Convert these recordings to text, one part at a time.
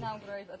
sound great, but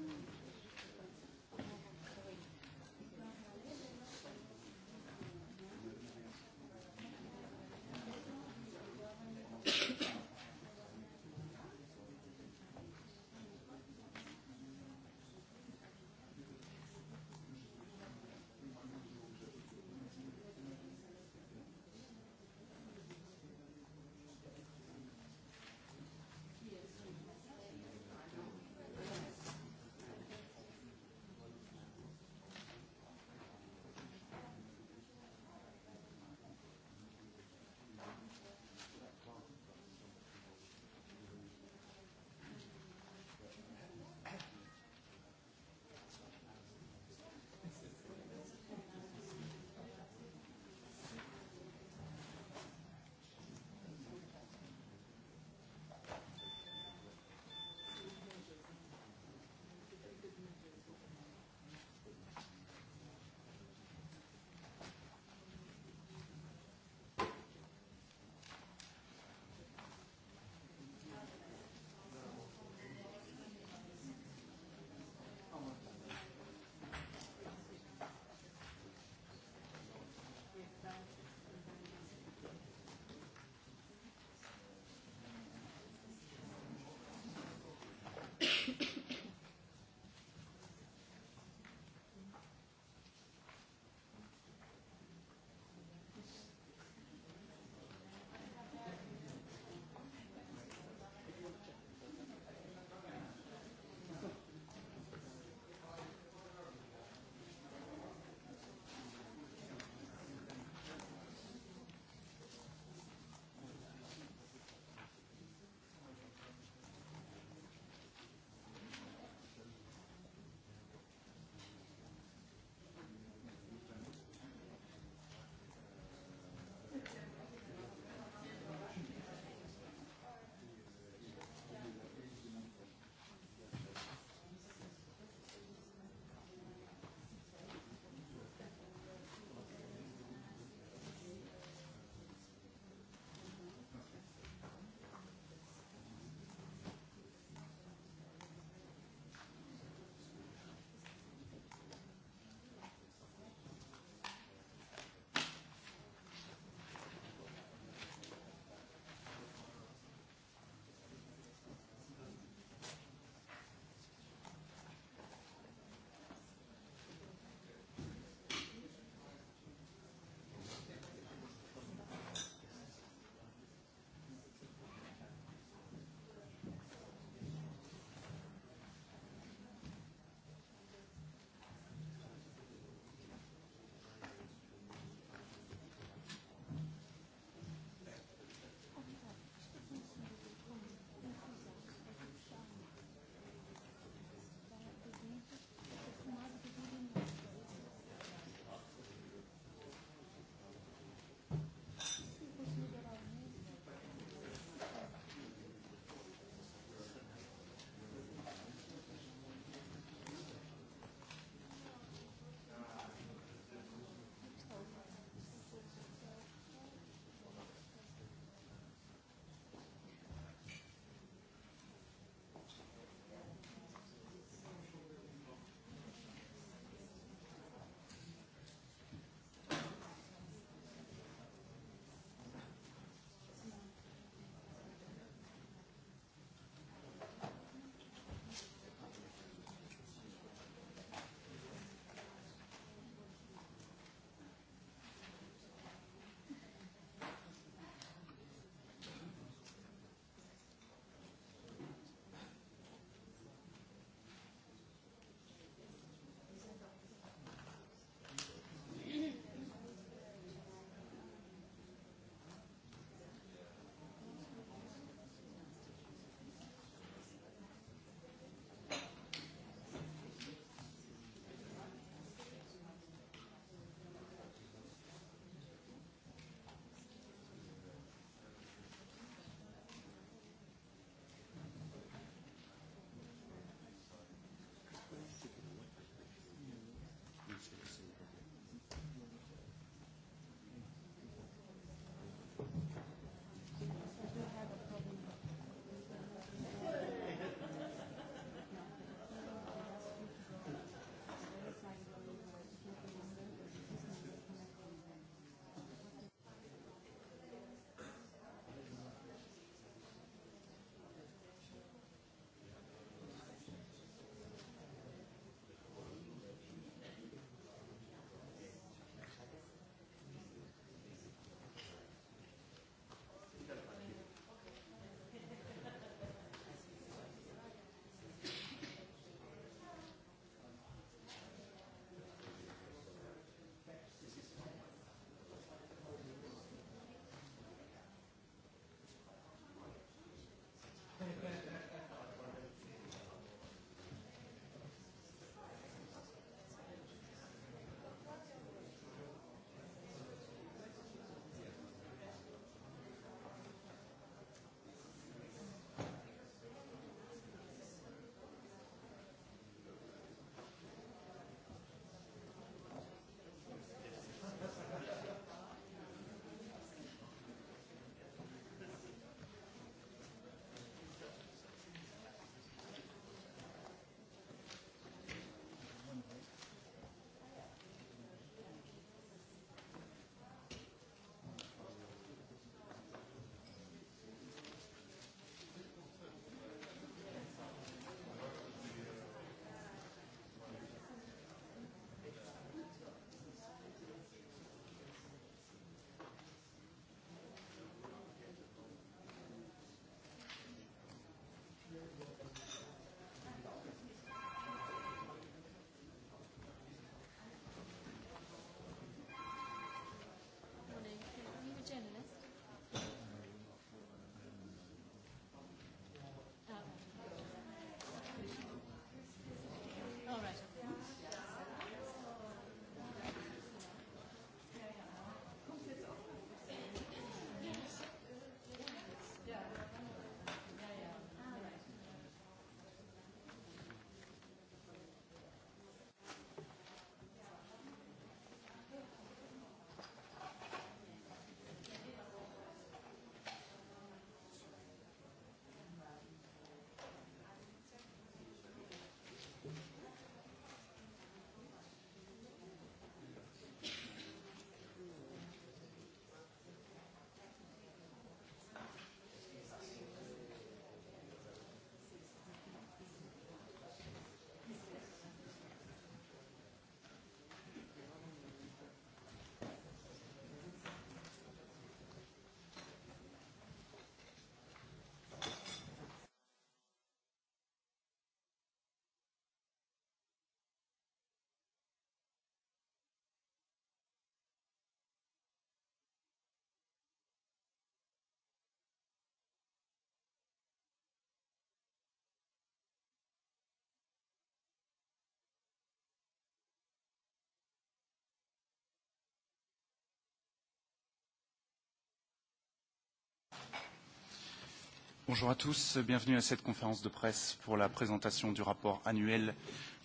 Bonjour à tous, bienvenue à cette conférence de presse pour la présentation du rapport annuel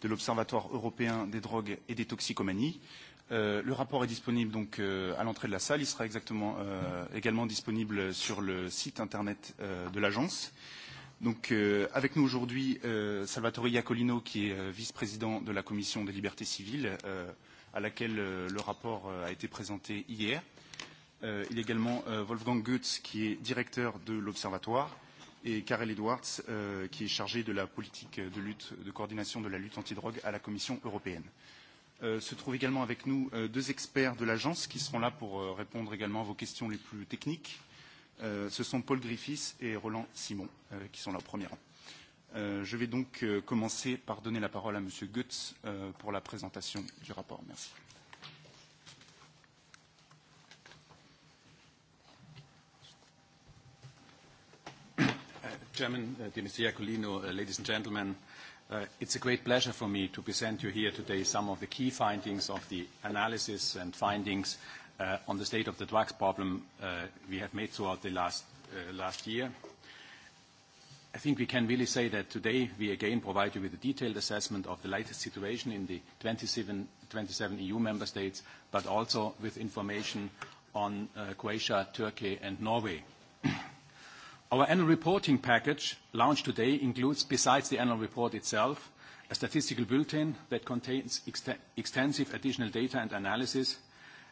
de l'Observatoire européen des drogues et des toxicomanies. Euh, le rapport est disponible donc euh, à l'entrée de la salle. Il sera exactement, euh, également disponible sur le site internet euh, de l'agence. Donc, euh, avec nous aujourd'hui, euh, Salvatore Iacolino, qui est euh, vice-président de la Commission des libertés civiles, euh, à laquelle euh, le rapport euh, a été présenté hier. Euh, il y a également euh, Wolfgang Goetz, qui est directeur de l'Observatoire, et Karel Edwards, euh, qui est chargé de la politique de lutte, de coordination de la lutte antidrogue à la Commission européenne. Euh, se trouvent également avec nous euh, deux experts de l'agence qui seront là pour euh, répondre également à vos questions les plus techniques. Euh, ce sont Paul Griffiths et Roland Simon euh, qui sont là au premier rang. Euh, je vais donc euh, commencer par donner la parole à Monsieur Goetz euh, pour la présentation du rapport. Merci. Chairman, dear Mr. Iacolino, ladies and gentlemen, it's a great pleasure for me to present you here today some of the key findings of the analysis and findings on the state of the drugs problem we have made throughout the last year. I think we can really say that today we again provide you with a detailed assessment of the latest situation in the 27 EU member states, but also with information on Croatia, Turkey, and Norway. Our annual reporting package, launched today, includes, besides the annual report itself, a statistical bulletin that contains extensive additional data and analysis,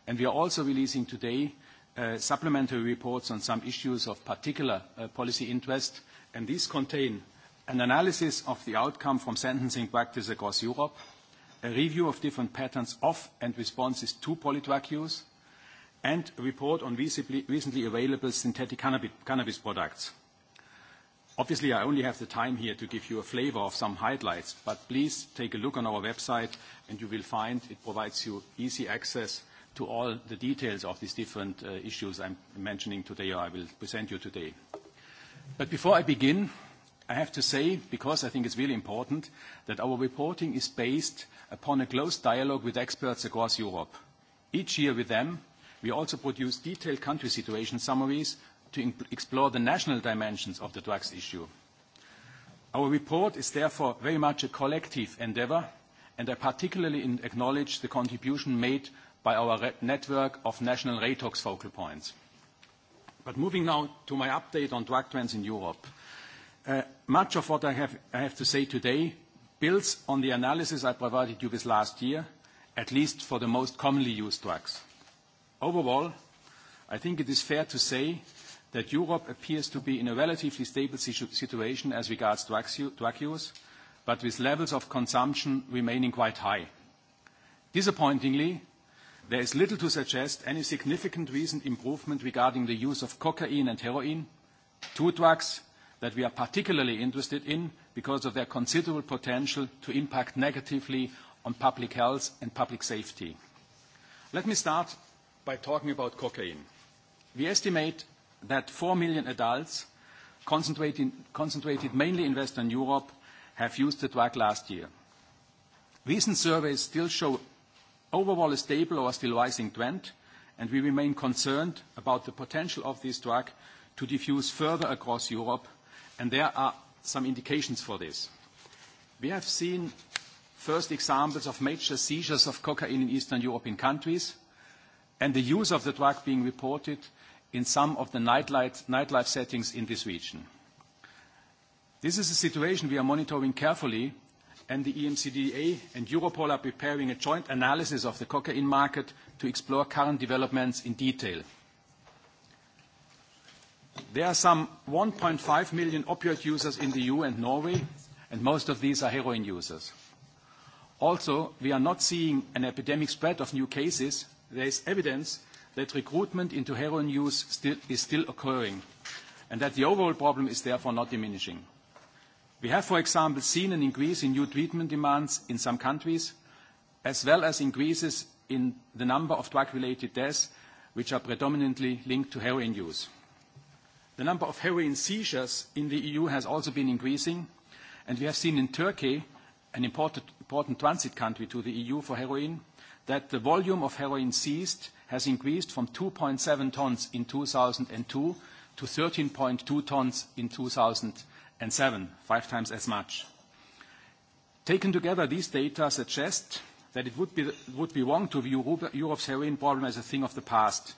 and we are also releasing today supplementary reports on some issues of particular policy interest, and these contain an analysis of the outcome from sentencing practice across Europe, a review of different patterns of and responses to politwag use, and report on recently available synthetic cannabis products. Obviously, I only have the time here to give you a flavor of some highlights, but please take a look on our website, and you will find it provides you easy access to all the details of these different issues I'm mentioning today, or I will present you today. But before I begin, I have to say, because I think it's really important, that our reporting is based upon a close dialogue with experts across Europe. Each year with them, We also produce detailed country situation summaries to explore the national dimensions of the drugs issue. Our report is therefore very much a collective endeavor, and I particularly acknowledge the contribution made by our network of national RATOX focal points. But moving now to my update on drug trends in Europe. Much of what I have to say today builds on the analysis I provided you with last year, at least for the most commonly used drugs. Overall, I think it is fair to say that Europe appears to be in a relatively stable situation as regards drug use, but with levels of consumption remaining quite high. Disappointingly, there is little to suggest any significant recent improvement regarding the use of cocaine and heroin, two drugs that we are particularly interested in because of their considerable potential to impact negatively on public health and public safety. Let me start by talking about cocaine. We estimate that 4 million adults, concentrated mainly in Western Europe, have used the drug last year. Recent surveys still show overall a stable or still rising trend, and we remain concerned about the potential of this drug to diffuse further across Europe, and there are some indications for this. We have seen first examples of major seizures of cocaine in Eastern European countries, and the use of the drug being reported in some of the nightlife settings in this region. This is a situation we are monitoring carefully, and the EMCDA and Europol are preparing a joint analysis of the cocaine market to explore current developments in detail. There are some 1.5 million opioid users in the EU and Norway, and most of these are heroin users. Also, we are not seeing an epidemic spread of new cases, there is evidence that recruitment into heroin use is still occurring and that the overall problem is therefore not diminishing. We have, for example, seen an increase in new treatment demands in some countries, as well as increases in the number of drug-related deaths, which are predominantly linked to heroin use. The number of heroin seizures in the EU has also been increasing, and we have seen in Turkey, an important transit country to the EU for heroin, that the volume of heroin seized has increased from 2.7 tons in 2002 to 13.2 tons in 2007, five times as much. Taken together, these data suggest that it would be wrong to view Europe's heroin problem as a thing of the past.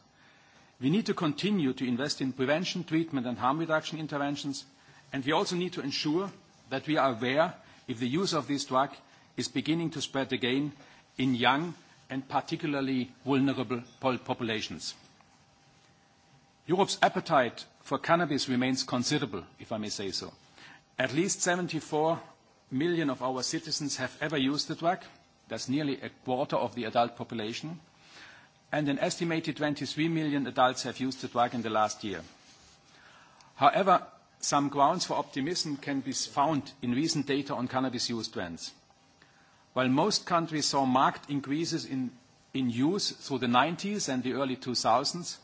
We need to continue to invest in prevention, treatment, and harm reduction interventions, and we also need to ensure that we are aware if the use of this drug is beginning to spread again in young and particularly vulnerable populations. Europe's appetite for cannabis remains considerable, if I may say so. At least 74 million of our citizens have ever used the drug. That's nearly a quarter of the adult population. And an estimated 23 million adults have used the drug in the last year. However, some grounds for optimism can be found in recent data on cannabis use trends. While most countries saw marked increases in use through the 1990s and the early 2000s,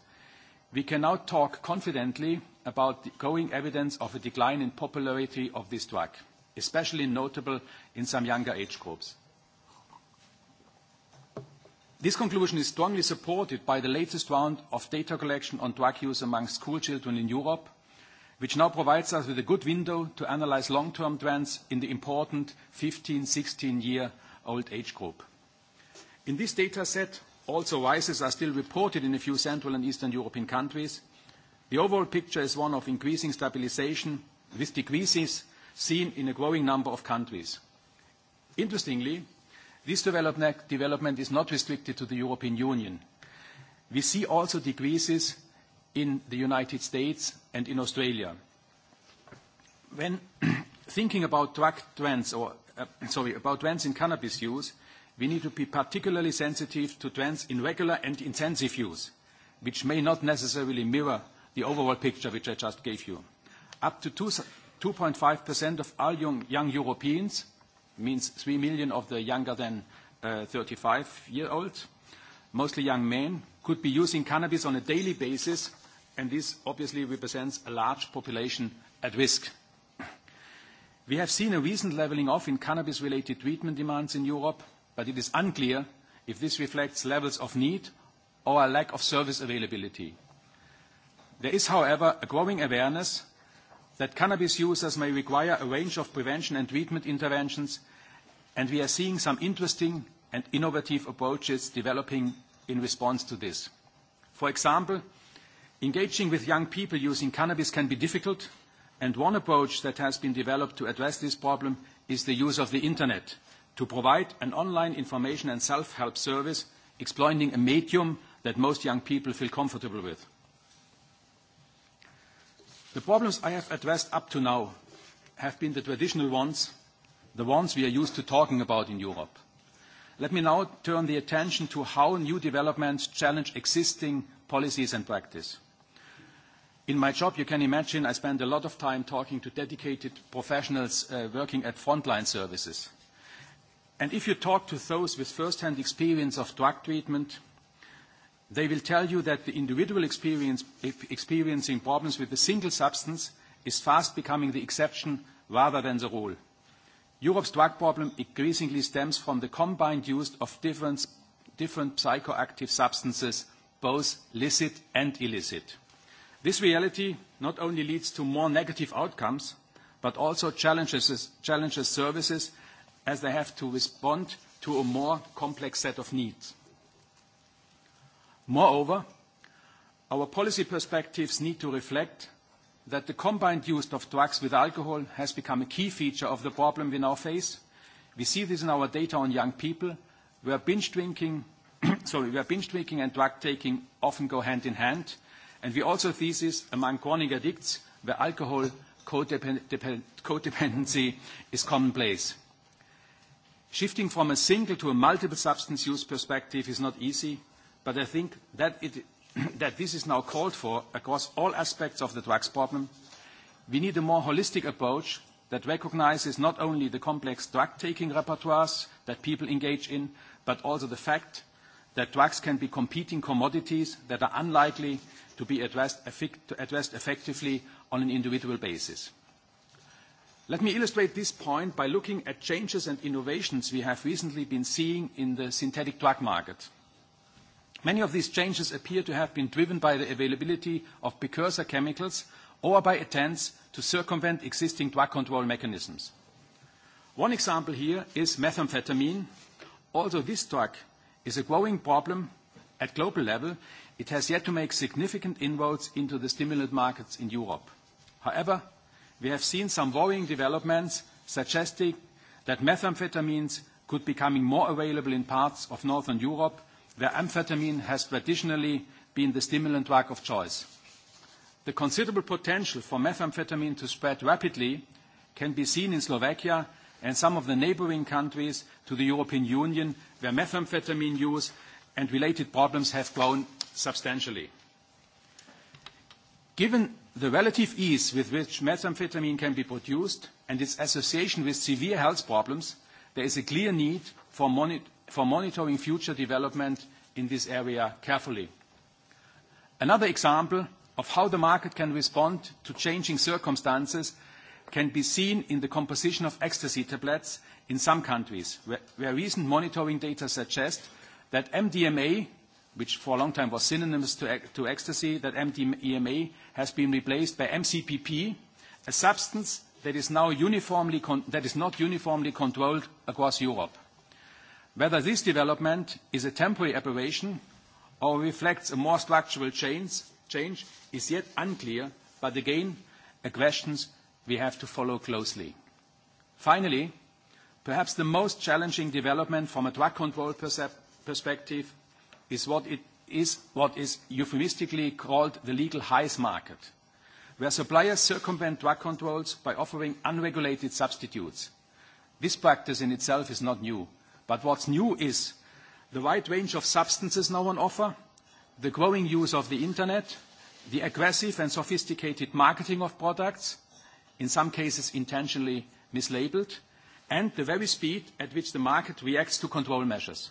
we can now talk confidently about the growing evidence of a decline in popularity of this drug, especially notable in some younger age groups. This conclusion is strongly supported by the latest round of data collection on drug use among school children in Europe, which now provides us with a good window to analyze long-term trends in the important 15, 16-year-old age group. In this data set, also rises are still reported in a few Central and Eastern European countries. The overall picture is one of increasing stabilization, with decreases seen in a growing number of countries. Interestingly, this development is not restricted to the European Union. We see also decreases in the United States and in Australia. When thinking about drug trends or, sorry, about trends in cannabis use, we need to be particularly sensitive to trends in regular and intensive use, which may not necessarily mirror the overall picture which I just gave you. Up to 2.5% of all young Europeans, means 3 million of the younger than 35 year olds, mostly young men, could be using cannabis on a daily basis and this obviously represents a large population at risk. We have seen a recent leveling off in cannabis-related treatment demands in Europe, but it is unclear if this reflects levels of need or a lack of service availability. There is, however, a growing awareness that cannabis users may require a range of prevention and treatment interventions, and we are seeing some interesting and innovative approaches developing in response to this. For example, Engaging with young people using cannabis can be difficult, and one approach that has been developed to address this problem is the use of the internet to provide an online information and self-help service exploiting a medium that most young people feel comfortable with. The problems I have addressed up to now have been the traditional ones, the ones we are used to talking about in Europe. Let me now turn the attention to how new developments challenge existing policies and practice. In my job, you can imagine, I spend a lot of time talking to dedicated professionals uh, working at frontline services. And if you talk to those with first-hand experience of drug treatment, they will tell you that the individual experience, experiencing problems with a single substance is fast becoming the exception rather than the rule. Europe's drug problem increasingly stems from the combined use of different, different psychoactive substances, both licit and illicit. This reality not only leads to more negative outcomes, but also challenges, services as they have to respond to a more complex set of needs. Moreover, our policy perspectives need to reflect that the combined use of drugs with alcohol has become a key feature of the problem we now face. We see this in our data on young people, where binge drinking and drug taking often go hand in hand, And we also see this among chronic addicts where alcohol codependency is commonplace. Shifting from a single to a multiple substance use perspective is not easy, but I think that, it, that this is now called for across all aspects of the drugs problem. We need a more holistic approach that recognizes not only the complex drug-taking repertoires that people engage in, but also the fact that drugs can be competing commodities that are unlikely to be addressed effectively on an individual basis. Let me illustrate this point by looking at changes and innovations we have recently been seeing in the synthetic drug market. Many of these changes appear to have been driven by the availability of precursor chemicals or by attempts to circumvent existing drug control mechanisms. One example here is methamphetamine, although this drug is a growing problem at global level, it has yet to make significant inroads into the stimulant markets in Europe. However, we have seen some worrying developments suggesting that methamphetamines could be becoming more available in parts of Northern Europe, where amphetamine has traditionally been the stimulant drug of choice. The considerable potential for methamphetamine to spread rapidly can be seen in Slovakia and some of the neighboring countries to the European Union where methamphetamine use and related problems have grown substantially. Given the relative ease with which methamphetamine can be produced and its association with severe health problems, there is a clear need for monitoring future development in this area carefully. Another example of how the market can respond to changing circumstances can be seen in the composition of ecstasy tablets in some countries, where recent monitoring data suggest that MDMA, which for a long time was synonymous to ecstasy, that MDMA has been replaced by MCPP, a substance that is now uniformly that is not uniformly controlled across Europe. Whether this development is a temporary aberration or reflects a more structural change is yet unclear, but again, a question we have to follow closely. Finally, perhaps the most challenging development from a drug control perspective is what is euphemistically called the legal highs market, where suppliers circumvent drug controls by offering unregulated substitutes. This practice in itself is not new, but what's new is the wide range of substances now on offer, the growing use of the internet, the aggressive and sophisticated marketing of products, in some cases intentionally mislabeled, and the very speed at which the market reacts to control measures.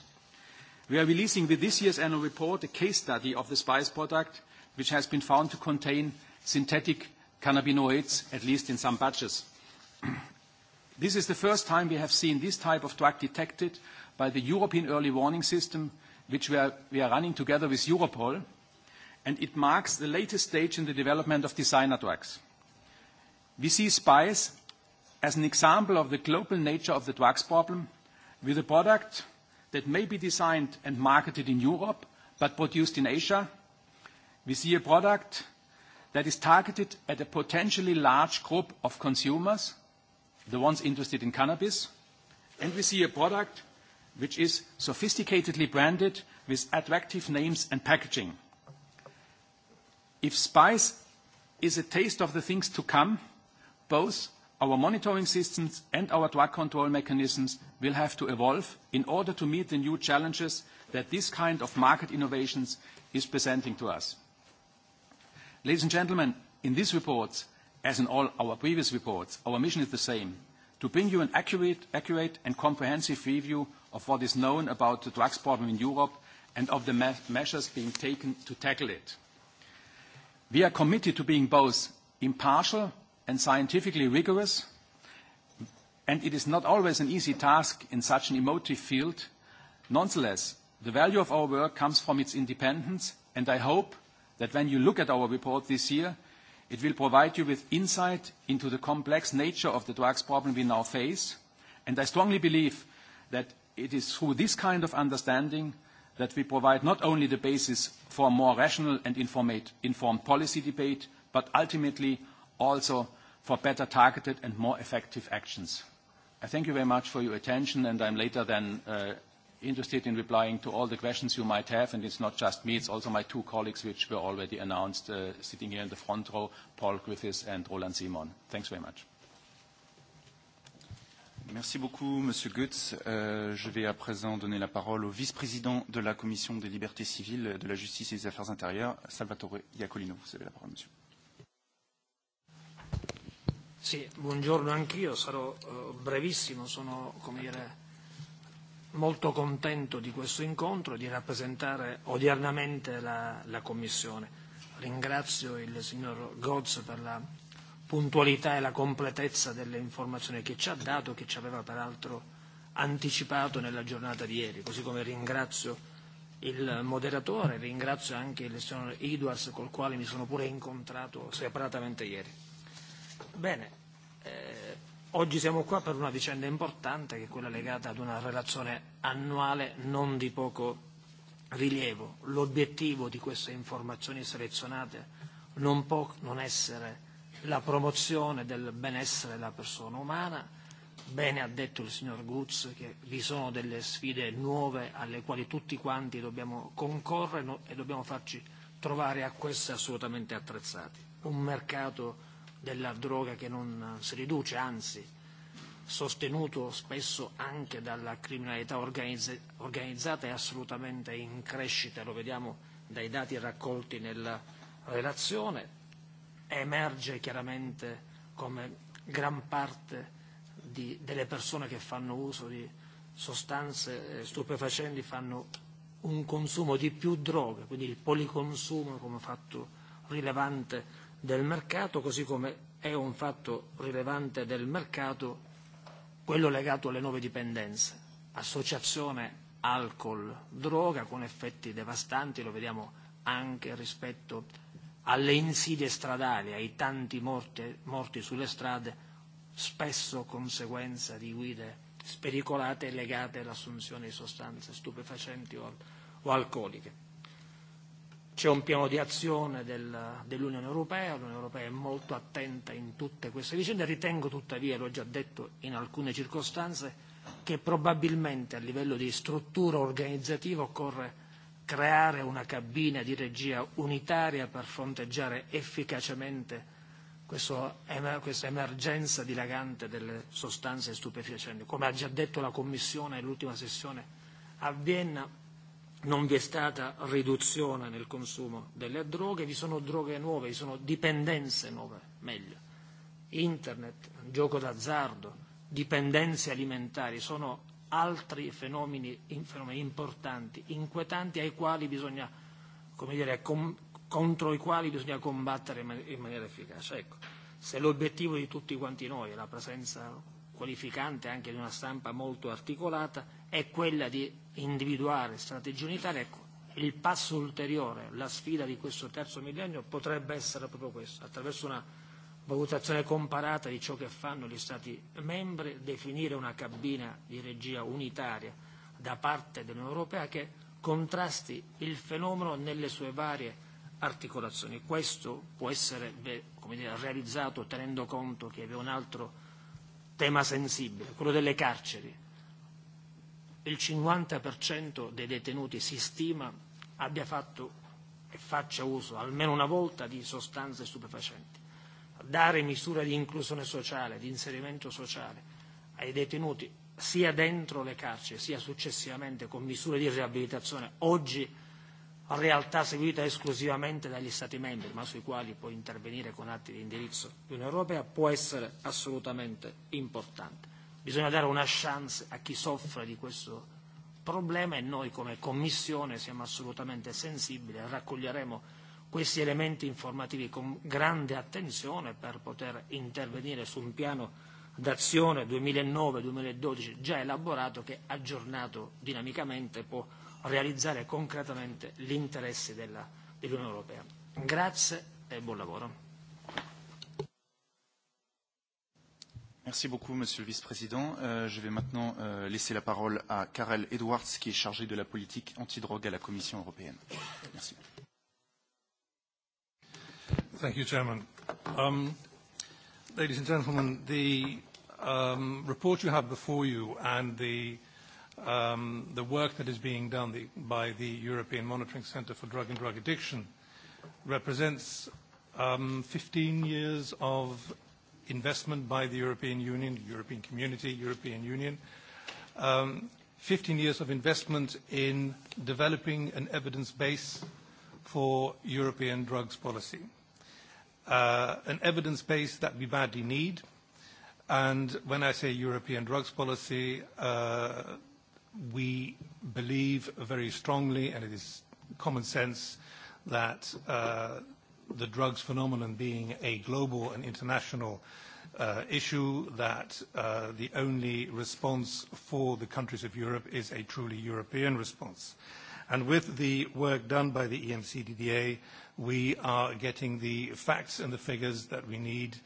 We are releasing with this year's annual report a case study of the spice product, which has been found to contain synthetic cannabinoids, at least in some batches. This is the first time we have seen this type of drug detected by the European Early Warning System, which we are running together with Europol, and it marks the latest stage in the development of designer drugs. We see spice as an example of the global nature of the drugs problem, with a product that may be designed and marketed in Europe but produced in Asia. We see a product that is targeted at a potentially large group of consumers, the ones interested in cannabis, and we see a product which is sophisticatedly branded with attractive names and packaging. If spice is a taste of the things to come, both our monitoring systems and our drug control mechanisms will have to evolve in order to meet the new challenges that this kind of market innovations is presenting to us. Ladies and gentlemen, in this report, as in all our previous reports, our mission is the same: to bring you an accurate and comprehensive review of what is known about the drugs problem in Europe and of the measures being taken to tackle it. We are committed to being both impartial and scientifically rigorous, and it is not always an easy task in such an emotive field. Nonetheless, the value of our work comes from its independence, and I hope that when you look at our report this year, it will provide you with insight into the complex nature of the drugs problem we now face, and I strongly believe that it is through this kind of understanding that we provide not only the basis for a more rational and informed policy debate, but ultimately also for better targeted and more effective actions. I thank you very much for your attention, and I'm later then interested in replying to all the questions you might have, and it's not just me, it's also my two colleagues, which were already announced, sitting here in the front row, Paul Griffiths and Roland Simon. Thanks very much. Merci beaucoup, Monsieur Goetz. je vais à présent donner la parole au vice-président de la Commission des libertés civiles, de la justice et des affaires intérieures, Salvatore Iacolino. Vous avez la parole, monsieur. Sì, buongiorno anch'io, sarò brevissimo, sono come dire, molto contento di questo incontro e di rappresentare odiernamente la, la Commissione. Ringrazio il signor Goz per la puntualità e la completezza delle informazioni che ci ha dato, che ci aveva peraltro anticipato nella giornata di ieri, così come ringrazio il moderatore, ringrazio anche il signor Edwards col quale mi sono pure incontrato separatamente ieri. Bene, eh, oggi siamo qua per una vicenda importante che è quella legata ad una relazione annuale non di poco rilievo. L'obiettivo di queste informazioni selezionate non può non essere la promozione del benessere della persona umana. Bene ha detto il signor Guz che vi sono delle sfide nuove alle quali tutti quanti dobbiamo concorrere e dobbiamo farci trovare a queste assolutamente attrezzati. Un mercato della droga che non si riduce, anzi sostenuto spesso anche dalla criminalità organizzata è assolutamente in crescita, lo vediamo dai dati raccolti nella relazione, emerge chiaramente come gran parte di, delle persone che fanno uso di sostanze stupefacenti fanno un consumo di più droga, quindi il policonsumo come fatto rilevante del mercato, così come è un fatto rilevante del mercato quello legato alle nuove dipendenze, associazione alcol-droga con effetti devastanti, lo vediamo anche rispetto alle insidie stradali, ai tanti morti, morti sulle strade, spesso conseguenza di guide spericolate legate all'assunzione di sostanze stupefacenti o, o alcoliche. C'è un piano di azione del, dell'Unione Europea, l'Unione Europea è molto attenta in tutte queste vicende, ritengo tuttavia, l'ho già detto in alcune circostanze, che probabilmente a livello di struttura organizzativa occorre creare una cabina di regia unitaria per fronteggiare efficacemente questo, questa emergenza dilagante delle sostanze stupefacenti. Come ha già detto la Commissione nell'ultima sessione a Vienna, non vi è stata riduzione nel consumo delle droghe, vi sono droghe nuove, vi sono dipendenze nuove, meglio. Internet, gioco d'azzardo, dipendenze alimentari, sono altri fenomeni, fenomeni importanti, inquietanti ai quali bisogna, come dire, com, contro i quali bisogna combattere in maniera efficace. Ecco, se l'obiettivo di tutti quanti noi è la presenza qualificante anche di una stampa molto articolata, è quella di individuare strategie unitarie. Ecco, il passo ulteriore, la sfida di questo terzo millennio potrebbe essere proprio questo, attraverso una valutazione comparata di ciò che fanno gli Stati membri, definire una cabina di regia unitaria da parte dell'Unione Europea che contrasti il fenomeno nelle sue varie articolazioni. Questo può essere come dire, realizzato tenendo conto che vi è un altro tema sensibile, quello delle carceri il 50% dei detenuti si stima abbia fatto e faccia uso almeno una volta di sostanze stupefacenti. Dare misure di inclusione sociale, di inserimento sociale ai detenuti sia dentro le carceri sia successivamente con misure di riabilitazione, oggi realtà seguita esclusivamente dagli Stati membri, ma sui quali può intervenire con atti di indirizzo l'Unione Europea, può essere assolutamente importante. Bisogna dare una chance a chi soffre di questo problema e noi come Commissione siamo assolutamente sensibili e raccoglieremo questi elementi informativi con grande attenzione per poter intervenire su un piano d'azione 2009-2012 già elaborato che aggiornato dinamicamente può realizzare concretamente gli interessi dell'Unione Europea. Grazie e buon lavoro. Merci beaucoup, Monsieur le Vice-président. Euh, je vais maintenant euh, laisser la parole à Karel Edwards, qui est chargé de la politique antidrogue à la Commission européenne. Merci. Thank you, Chairman. Um, ladies and gentlemen, the um, report you have before you and the um, the work that is being done the, by the European Monitoring Centre for Drug and Drug Addiction represents um, 15 years of investment by the European Union, the European Community, European Union. Um, 15 years of investment in developing an evidence base for European drugs policy. Uh, an evidence base that we badly need. And when I say European drugs policy, uh, we believe very strongly, and it is common sense, that uh, the drugs phenomenon being a global and international uh, issue, that uh, the only response for the countries of Europe is a truly European response. And with the work done by the EMCDDA, we are getting the facts and the figures that we need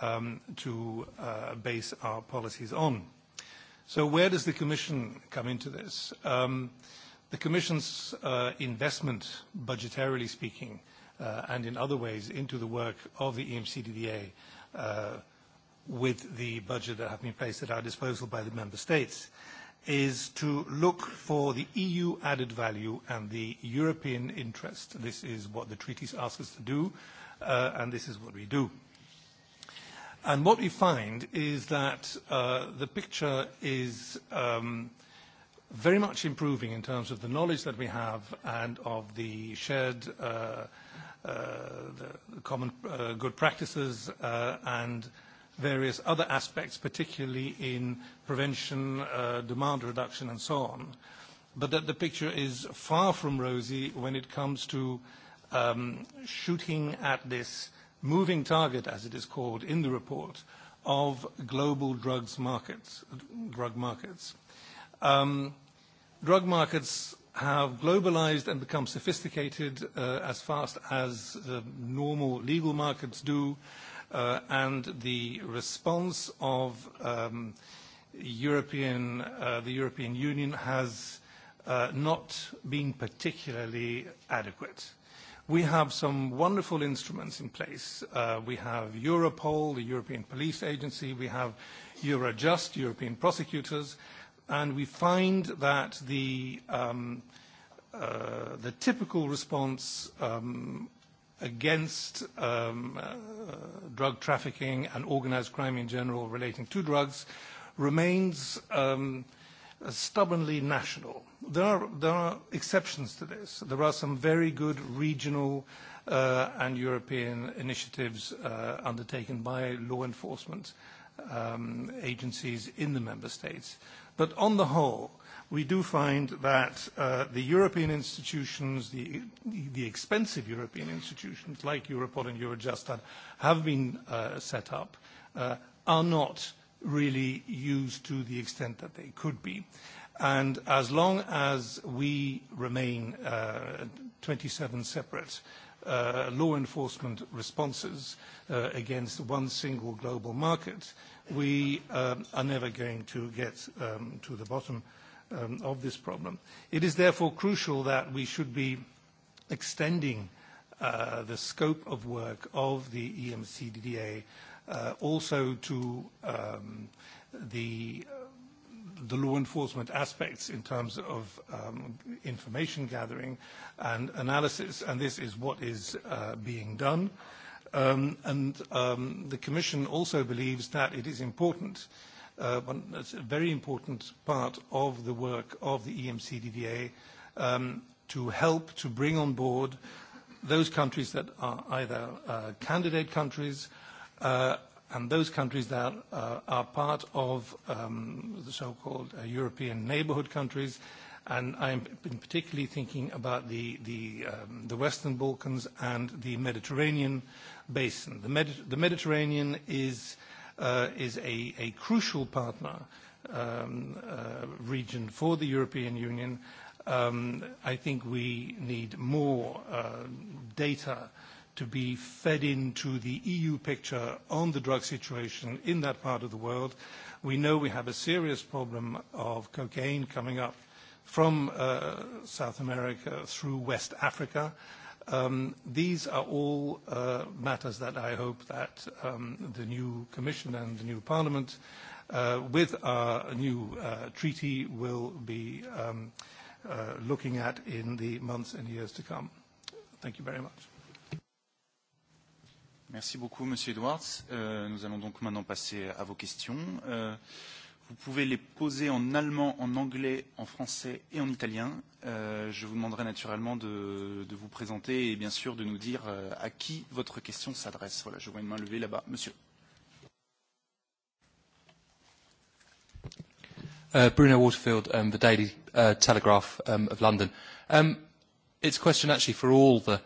um, to uh, base our policies on. So where does the Commission come into this? Um, the Commission's uh, investment, budgetarily speaking, uh, uh, and in other ways into the work of the EMCDDA uh, with the budget that have been placed at our disposal by the member states is to look for the EU added value and the European interest. This is what the treaties ask us to do, uh, and this is what we do. And what we find is that uh, the picture is um, very much improving in terms of the knowledge that we have and of the shared uh, the common uh, good practices uh, and various other aspects, particularly in prevention, uh, demand reduction, and so on. But that the picture is far from rosy when it comes to um, shooting at this moving target, as it is called in the report, of global drugs markets, drug markets. Um, drug markets have globalized and become sophisticated uh, as fast as uh, normal legal markets do, uh, and the response of um, European, uh, the European Union has uh, not been particularly adequate. We have some wonderful instruments in place. Uh, we have Europol, the European Police Agency, we have Eurojust, European prosecutors, uh, and we find that the, um, uh, the typical response um, against um, uh, drug trafficking and organized crime in general relating to drugs remains um, stubbornly national. There are, there are exceptions to this. There are some very good regional uh, and European initiatives uh, undertaken by law enforcement um, agencies in the member states But on the whole, we do find that uh, the European institutions, the, the expensive European institutions like Europol and Eurojust that have been uh, set up, uh, are not really used to the extent that they could be. And as long as we remain uh, 27 separate, uh, law enforcement responses against one single global market, we are never going to get to the bottom of this problem. It is therefore crucial that we should be extending the scope of work of the EMCDDA also to the the law enforcement aspects in terms of um, information gathering and analysis, and this is what is uh, being done. Um, and um, the Commission also believes that it is important, uh, one, it's a very important part of the work of the EMCDDA um, to help to bring on board those countries that are either uh, candidate countries uh, and those countries that uh, are part of um, the so-called uh, European neighborhood countries, and I'm particularly thinking about the, the, um, the Western Balkans and the Mediterranean basin. The, Medi- the Mediterranean is, uh, is a, a crucial partner um, uh, region for the European Union. Um, I think we need more uh, data uh, to be fed into the EU picture on the drug situation in that part of the world. We know we have a serious problem of cocaine coming up from uh, South America through West Africa. Um, these are all uh, matters that I hope that um, the new Commission and the new Parliament, uh, with our new uh, treaty, will be um, uh, looking at in the months and years to come. Thank you very much. Merci beaucoup, Monsieur Edwards. Euh, nous allons donc maintenant passer à vos questions. Euh, vous pouvez les poser en allemand, en anglais, en français et en italien. Euh, je vous demanderai naturellement de, de vous présenter et bien sûr de nous dire euh, à qui votre question s'adresse. Voilà, je vois une main levée là-bas, Monsieur. Uh, Bruno Waterfield, um, the Daily uh, Telegraph um, of London. Um, it's a question actually for all the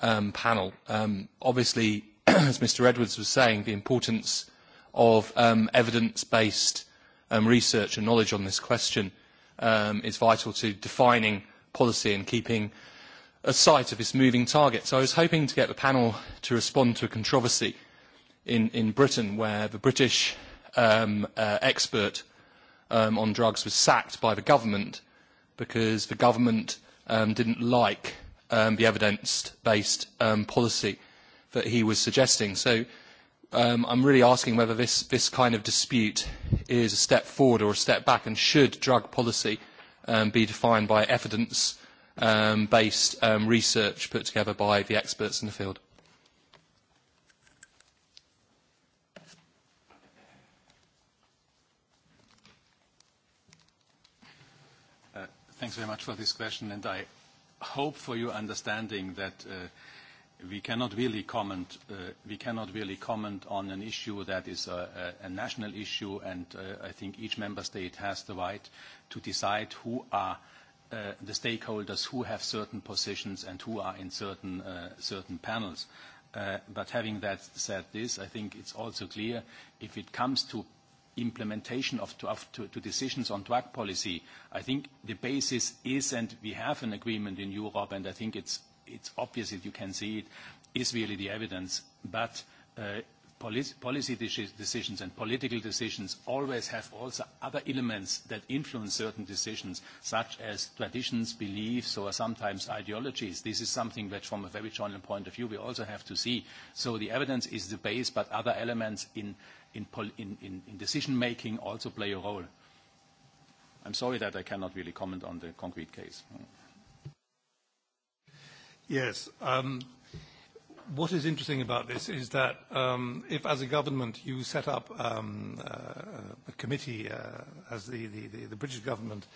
um, panel. Um, obviously, as Mr. Edwards was saying, the importance of um, evidence-based um, research and knowledge on this question um, is vital to defining policy and keeping a sight of this moving target. So I was hoping to get the panel to respond to a controversy in, in Britain where the British um, uh, expert um, on drugs was sacked by the government because the government um, didn't like um, the evidence-based um, policy that he was suggesting. So um, I'm really asking whether this, this kind of dispute is a step forward or a step back, and should drug policy um, be defined by evidence-based um, research put together by the experts in the field? Thanks very much for this question, and I hope for your understanding that we cannot really comment we cannot really comment on an issue that is a, a, national issue and I think each member state has the right to decide who are the stakeholders who have certain positions and who are in certain certain panels but having that said this I think it's also clear if it comes to implementation of to decisions on drug policy, I think the basis is, and we have an agreement in Europe, and I think it's obvious if you can see it, is really the evidence. But policy decisions and political decisions always have also other elements that influence certain decisions, such as traditions, beliefs, or sometimes ideologies. This is something that, from a very general point of view, we also have to see. So the evidence is the base, but other elements in in decision-making also play a role. I'm sorry that I cannot really comment on the concrete case. Yes. What is interesting about this is that um, if, as a government, you set up um, uh, a committee, uh, as the, the, the, the British government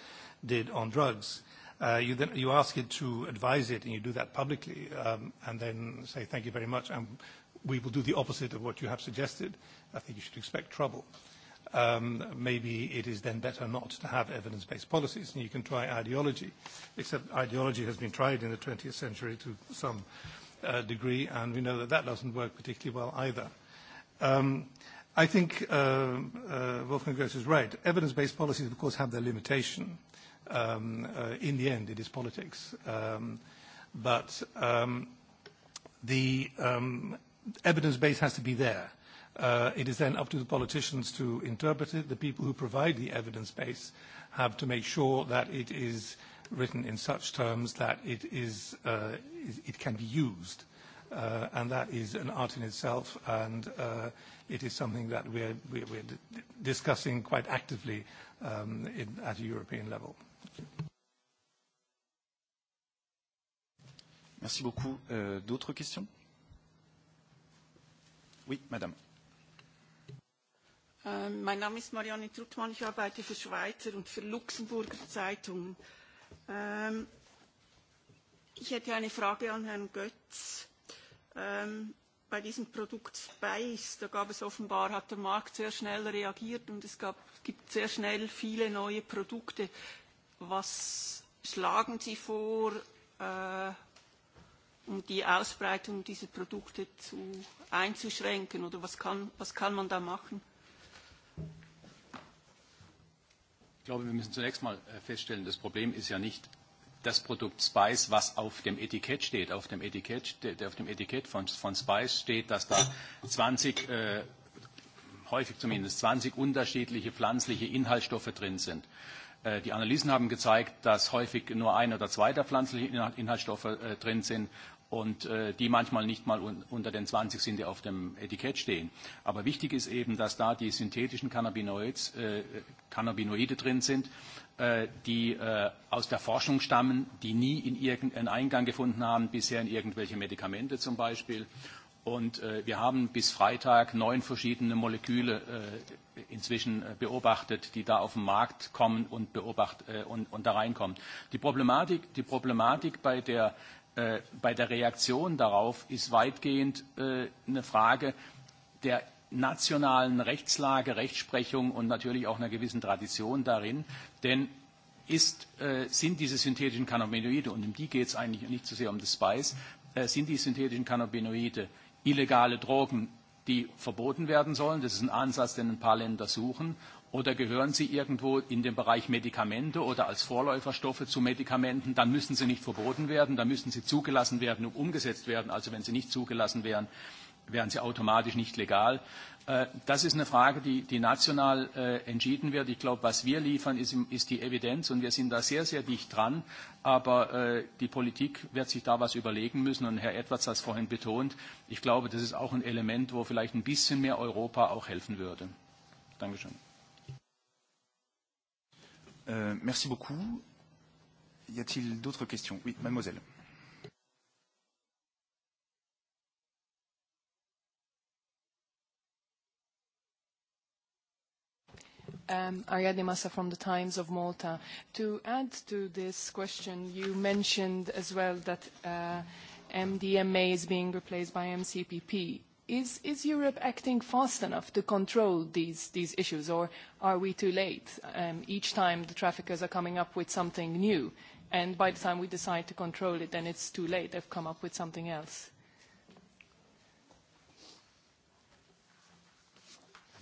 did on drugs, uh, you, then, you ask it to advise it, and you do that publicly, um, and then say thank you very much, and we will do the opposite of what you have suggested, I think you should expect trouble. Um, maybe it is then better not to have evidence-based policies, and you can try ideology, except ideology has been tried in the 20th century to some uh, degree, and we know that that doesn't work particularly well either. Um, I think uh, uh, Wolfgang Goethe is right. Evidence-based policies, of course, have their limitation. Um, uh, in the end, it is politics. Um, but um, the um, evidence base has to be there. Uh, it is then up to the politicians to interpret it. The people who provide the evidence base have to make sure that it is written in such terms that it, is, uh, it can be used. Uh, and that is an art in itself, and uh, it is something that we're, we're, we're discussing quite actively um, in, at a European level. Merci beaucoup. Euh, D'autres questions Oui, madame. Mein Name ist Marianne Truttmann, ich arbeite für Schweizer und für Luxemburger Zeitungen. Ich hätte eine Frage an Herrn Götz. Bei diesem Produkt Spice, da gab es offenbar, hat der Markt sehr schnell reagiert und es gab, gibt sehr schnell viele neue Produkte. Was schlagen Sie vor, um die Ausbreitung dieser Produkte zu, einzuschränken? Oder was kann, was kann man da machen? Ich glaube, wir müssen zunächst mal feststellen, das Problem ist ja nicht das Produkt Spice, was auf dem Etikett steht. Auf dem Etikett, auf dem Etikett von, von Spice steht, dass da 20, äh, häufig zumindest 20 unterschiedliche pflanzliche Inhaltsstoffe drin sind. Die Analysen haben gezeigt, dass häufig nur ein oder zwei der pflanzlichen Inhaltsstoffe drin sind und die manchmal nicht mal unter den 20 sind, die auf dem Etikett stehen. Aber wichtig ist eben, dass da die synthetischen Cannabinoide drin sind, die aus der Forschung stammen, die nie in irgendeinen Eingang gefunden haben, bisher in irgendwelche Medikamente zum Beispiel. Und wir haben bis Freitag neun verschiedene Moleküle inzwischen beobachtet, die da auf den Markt kommen und, beobacht, und, und da reinkommen. Die Problematik, die Problematik bei, der, bei der Reaktion darauf ist weitgehend eine Frage der nationalen Rechtslage, Rechtsprechung und natürlich auch einer gewissen Tradition darin. Denn ist, sind diese synthetischen Cannabinoide, und um die geht es eigentlich nicht so sehr um das Spice, sind die synthetischen Cannabinoide illegale Drogen, die verboten werden sollen? Das ist ein Ansatz, den ein paar Länder suchen. Oder gehören sie irgendwo in den Bereich Medikamente oder als Vorläuferstoffe zu Medikamenten? Dann müssen sie nicht verboten werden, dann müssen sie zugelassen werden und umgesetzt werden. Also wenn sie nicht zugelassen wären, wären sie automatisch nicht legal. Das ist eine Frage, die, die national entschieden wird. Ich glaube, was wir liefern, ist, ist die Evidenz und wir sind da sehr, sehr dicht dran. Aber die Politik wird sich da was überlegen müssen und Herr Edwards hat es vorhin betont. Ich glaube, das ist auch ein Element, wo vielleicht ein bisschen mehr Europa auch helfen würde. Dankeschön. merci beaucoup. Y a-t-il d'autres questions Oui, mademoiselle. Ariadne Massa from the Times of Malta. To add to this question, you mentioned as well that uh, MDMA is being replaced by MCPP. Is, is Europe acting fast enough to control these, these issues, or are we too late? Um, each time the traffickers are coming up with something new, and by the time we decide to control it, then it's too late. They've come up with something else.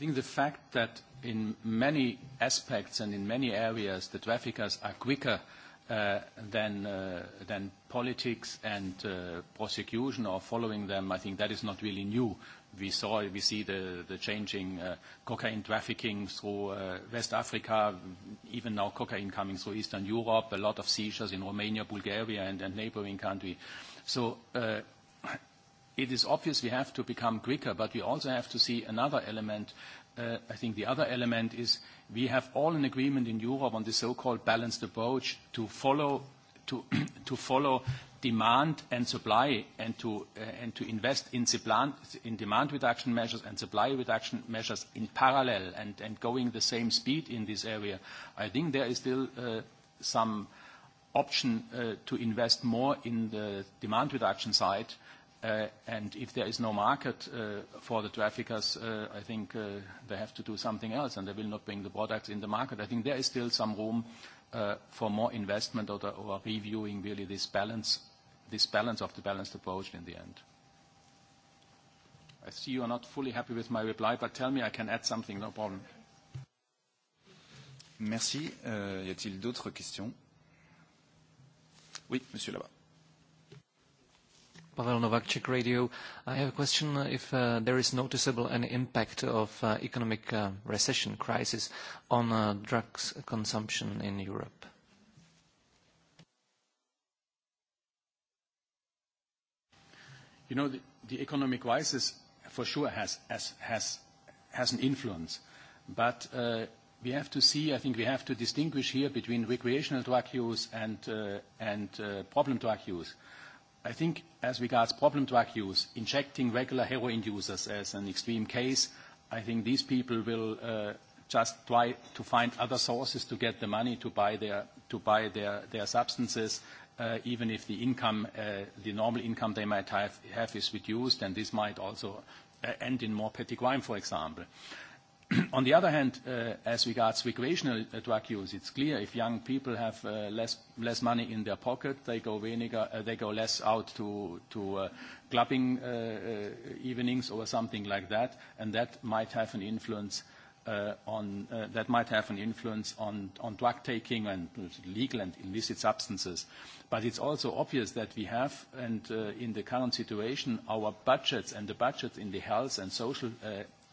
think the fact that in many aspects and in many areas the traffickers are quicker than, than politics and prosecution or following them, I think that is not really new. We saw, we see the, the changing uh, cocaine trafficking through uh, West Africa, even now cocaine coming through Eastern Europe, a lot of seizures in Romania, Bulgaria, and, and neighboring countries. So uh, it is obvious we have to become quicker, but we also have to see another element. I think the other element is we have all an agreement in Europe on the so-called balanced approach to follow demand and supply and to invest in demand reduction measures and supply reduction measures in parallel and going the same speed in this area. I think there is still some option to invest more in the demand reduction side And if there is no market for the traffickers, I think they have to do something else, and they will not bring the products in the market. I think there is still some room for more investment or reviewing really this balance of the balanced approach in the end. I see you are not fully happy with my reply, but tell me, I can add something, no problem. Merci. Y a-t-il d'autres questions? Oui, monsieur là-bas. Pavel Novak, Czech Radio. I have a question if there is noticeable an impact of economic recession crisis on drugs consumption in Europe. You know, the the economic crisis for sure has has has has an influence. But uh we have to see, I think we have to distinguish here between recreational drug use and uh and uh problem drug use. Uh I think as regards problem drug use, injecting regular heroin users as an extreme case, I think these people will just try to find other sources to get the money to buy their, substances, even if the income, the normal income they might have, have is reduced, and this might also end in more petty crime, for example. On the other hand, as regards recreational drug use, it's clear if young people have less money in their pocket, they go less out to clubbing evenings or something like that, and that might have an influence on drug taking and legal and illicit substances. But It's also obvious that we have, and in the current situation, our budgets and the budgets in the health and social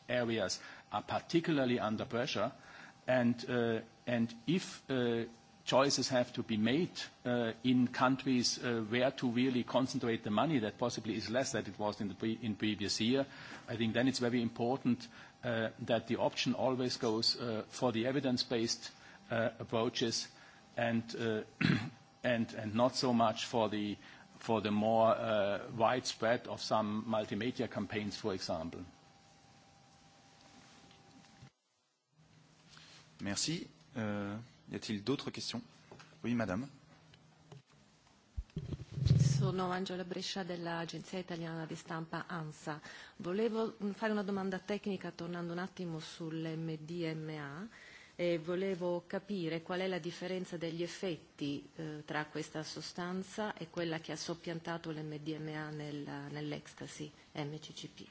areas are particularly under pressure. And if choices have to be made in countries where to really concentrate the money that possibly is less than it was in previous year, I think then it's very important that the option always goes for the evidence-based approaches and not so much for the more widespread of some multimedia campaigns, for example. Merci. Euh, y a-t-il d'autres questions Oui, madame. Sono Angela Brescia dell'Agenzia Italiana di Stampa ANSA. Volevo fare una domanda tecnica tornando un attimo sull'MDMA e volevo capire qual è la differenza degli effetti eh, tra questa sostanza e quella che ha soppiantato l'MDMA nel, nell'ecstasy MCCP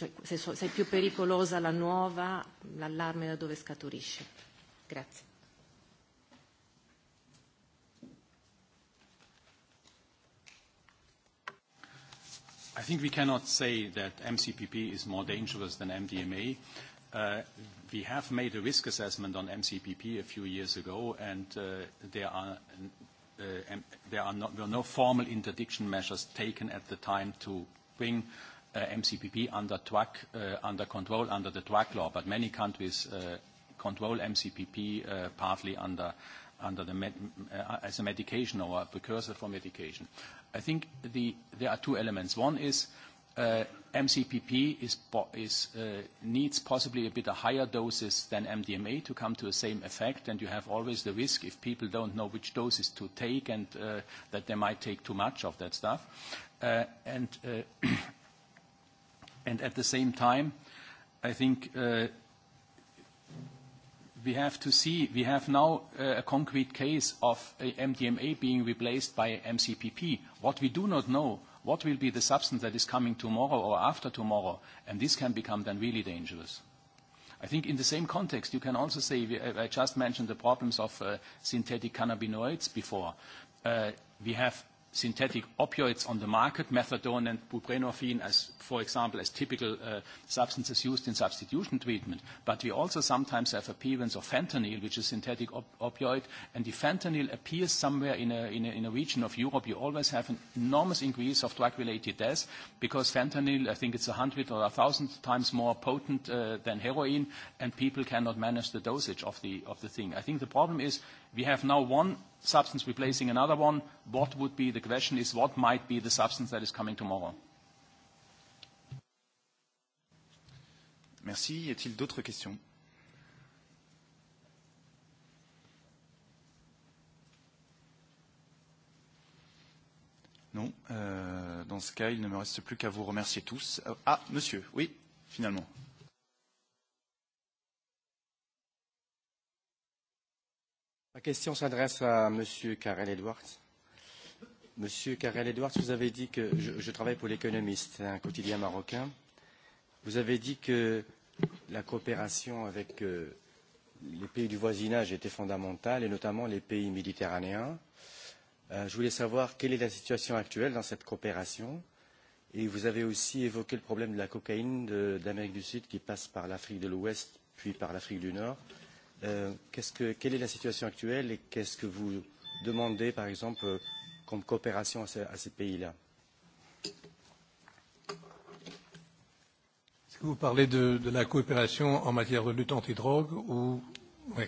cioè se, so, se è più pericolosa la nuova, l'allarme da dove scaturisce. Grazie. I think we cannot say that MCPP is more dangerous than MDMA. Uh, we have made a risk assessment on MCPP a few years ago, and uh, there are uh, there are not, were no formal interdiction measures taken at the time to bring MCPP under TWAC, under control under the TWAC law, but many countries control MCPP partly under under the as a medication or a precursor for medication. I think the there are two elements. One is MCPP is is needs possibly a bit higher doses than MDMA to come to the same effect, and you have always the risk if people don't know which doses to take and that they might take too much of that stuff. And And at the same time, I think we have to see, we have now a concrete case of MDMA being replaced by MCPP. What we do not know, what will be the substance that is coming tomorrow or after tomorrow, and this can become then really dangerous. I think in the same context, you can also say, I just mentioned the problems of synthetic cannabinoids before. We have synthetic opioids on the market, methadone and buprenorphine as, for example, as typical substances used in substitution treatment. But we also sometimes have appearance of fentanyl, which is synthetic opioid, and the fentanyl appears somewhere in a, in, a, in a region of Europe. You always have an enormous increase of drug-related deaths because fentanyl, I think it's 100 or 1,000 times more potent than heroin, and people cannot manage the dosage of the, of the thing. I think the problem is we have now one substance replacing another one, what would be the question is what might be the substance that is coming tomorrow? Merci. Y a-t-il d'autres questions Non. Euh, dans ce cas, il ne me reste plus qu'à vous remercier tous. Ah, monsieur, oui, finalement. Ma question s'adresse à M. Karel Edwards. Monsieur Karel Edwards, vous avez dit que je, je travaille pour l'économiste, un quotidien marocain. Vous avez dit que la coopération avec les pays du voisinage était fondamentale, et notamment les pays méditerranéens. je voulais savoir quelle est la situation actuelle dans cette coopération. Et vous avez aussi évoqué le problème de la cocaïne d'Amérique du Sud qui passe par l'Afrique de l'Ouest, puis par l'Afrique du Nord quelle est la situation actuelle et qu'est-ce que vous demandez, par exemple, comme coopération à ces, pays-là Est-ce que vous parlez de, la coopération en matière de lutte anti drogue ou... Oui.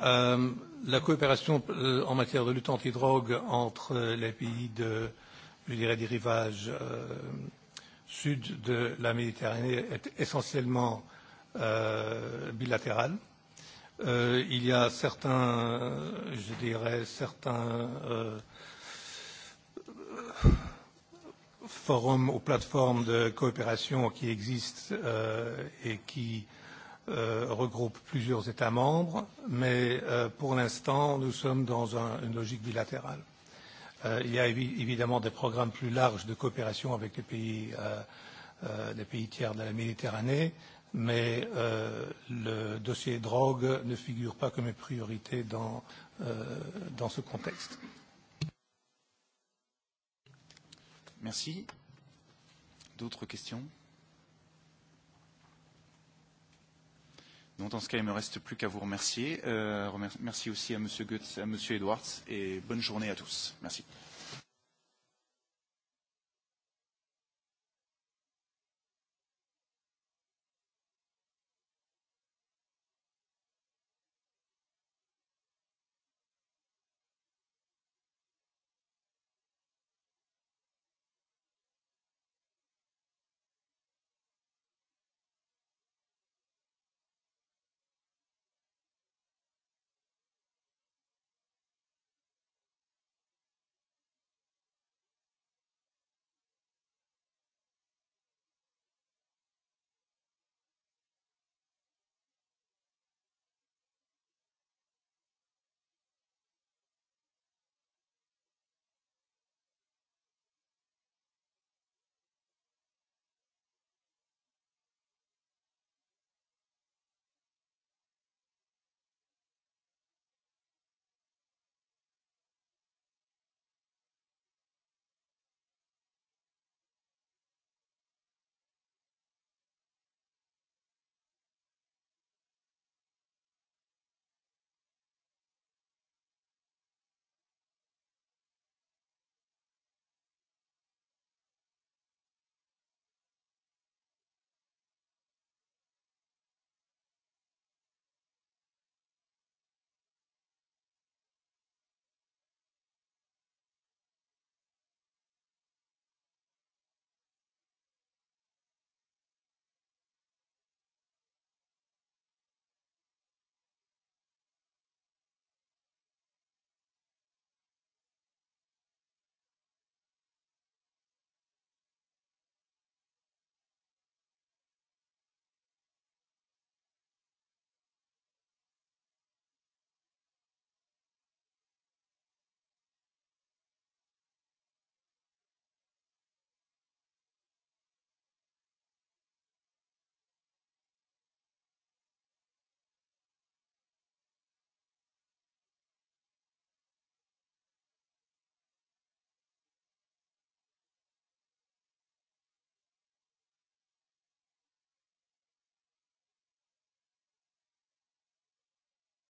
la coopération en matière de lutte anti drogue entre les pays de, je dirais, des rivages sud de la Méditerranée est essentiellement bilatérale euh, il y a certains, je dirais, certains euh, forums ou plateformes de coopération qui existent euh, et qui euh, regroupent plusieurs États membres, mais euh, pour l'instant, nous sommes dans un, une logique bilatérale. Euh, il y a évidemment des programmes plus larges de coopération avec les pays, euh, euh, les pays tiers de la Méditerranée, euh, mais euh, le dossier drogue ne figure pas comme une priorité dans, euh, dans ce contexte. Merci. D'autres questions Donc dans ce cas, il ne me reste plus qu'à vous remercier. Euh, merci aussi à M. Goetz, à M. Edwards, et bonne journée à tous. Merci.